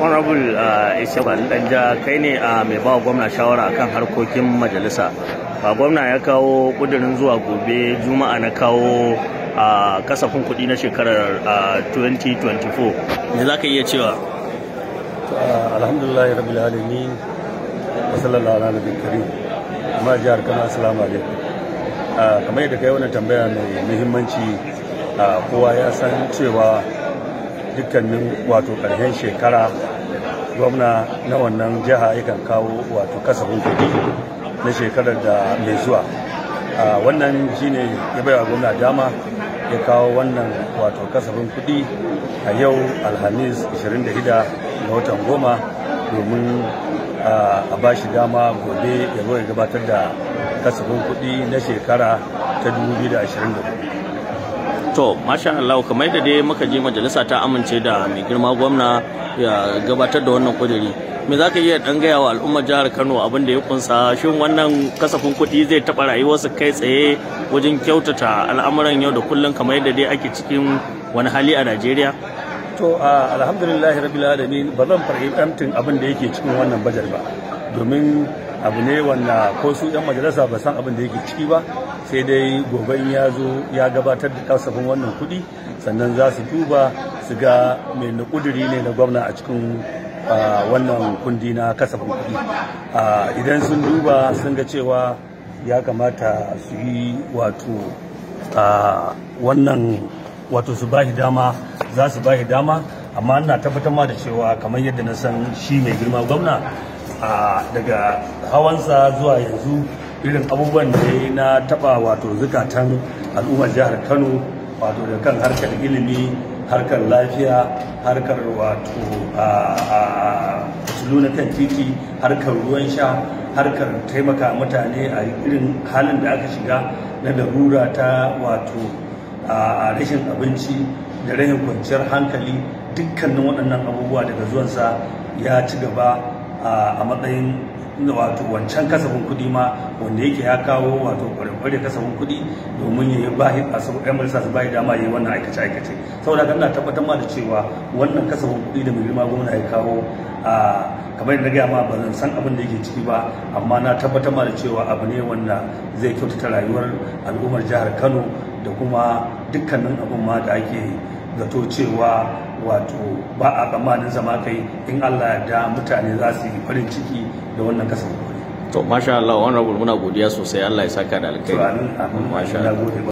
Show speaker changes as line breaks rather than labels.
honorable ishaban danja kai ne a mai ba gwamna shawara kan harkokin majalisa ba gwamna ya kawo kudirin zuwa gobe juma'a na kawo a kasafin kuɗi na shekarar 2024 me za ka iya
cewa alhamdulillah rabbil alamin wa sallallahu ala nabiyil karim kuma jihar kano assalamu alaikum kamar yadda kai wannan tambaya mai muhimmanci kowa ya san cewa dukkanin wato ƙarshen shekara gwamna na wannan jiha yakan kawo wato kasafin kuɗi na shekarar da mai zuwa wannan shine ya baiwa gwamna dama ya kawo wannan wato kasafin kuɗi a yau alhamis 26 na watan goma domin a ba shi dama gobe ya zo ya gabatar da kasafin kuɗi na shekara ta 2024
to masha Allah kamar da dai muka je majalisa ta amince da mai girma gwamna ya gabatar da wannan kudiri me za ka iya dan gaya wa al'ummar jihar Kano abin da ya kunsa shin wannan kasafin kuɗi zai taɓa rayuwarsu kai tsaye wajen kyautata al'amuran yau da kullum kamar yadda dai ake cikin wani hali a Najeriya
to alhamdulillah rabbil alamin ba zan farhi amtin abin da yake cikin wannan bajar ba domin abu ne wanda ko su yan majalisa ba san abin da yake ciki ba sai dai gobe in ya zo ya gabatar da kasafin wannan kuɗi sannan za su duba su ga mai na kuduri ne na gwamna a cikin wannan kundi na kasafin kuɗi idan sun duba sun ga cewa ya kamata su yi wato wannan wato su ba dama za su ba dama amma ina tabbatar ma da cewa kamar yadda na san shi mai girma gwamna daga hawansa zuwa yanzu irin abubuwan da ya na taɓa wato zukatan al'ummar jihar kano wato da kan harkar ilimi harkar lafiya harkar wato tulu na kan titi harkar ruwan sha harkar taimaka mutane a irin halin da aka shiga na larura ta wato rashin abinci da rashin kwanciyar hankali dukkanin waɗannan abubuwa daga zuwansa ya ci gaba a matsayin wato wancan kasafin kuɗi ma wanda yake ya kawo wato kware-kware kasafin kuɗi domin ya yi bahi a ɗan su bayi dama ya yi wannan aikace aikace saboda ka ina tabbatar ma da cewa wannan kasafin kuɗi da mai girma gwamna ya kawo a kamar yadda gaya ma ba zan san abin da yake ciki ba amma na tabbatar ma da cewa abu ne wanda zai kyautata rayuwar al'ummar jihar kano da kuma dukkanin abin ma da ake zato cewa wato ba a tsammanin zama kai in Allah da mutane za su yi farin ciki da wannan kasafin kuɗi
to masha Allah honorable muna godiya sosai Allah ya saka da alkhairi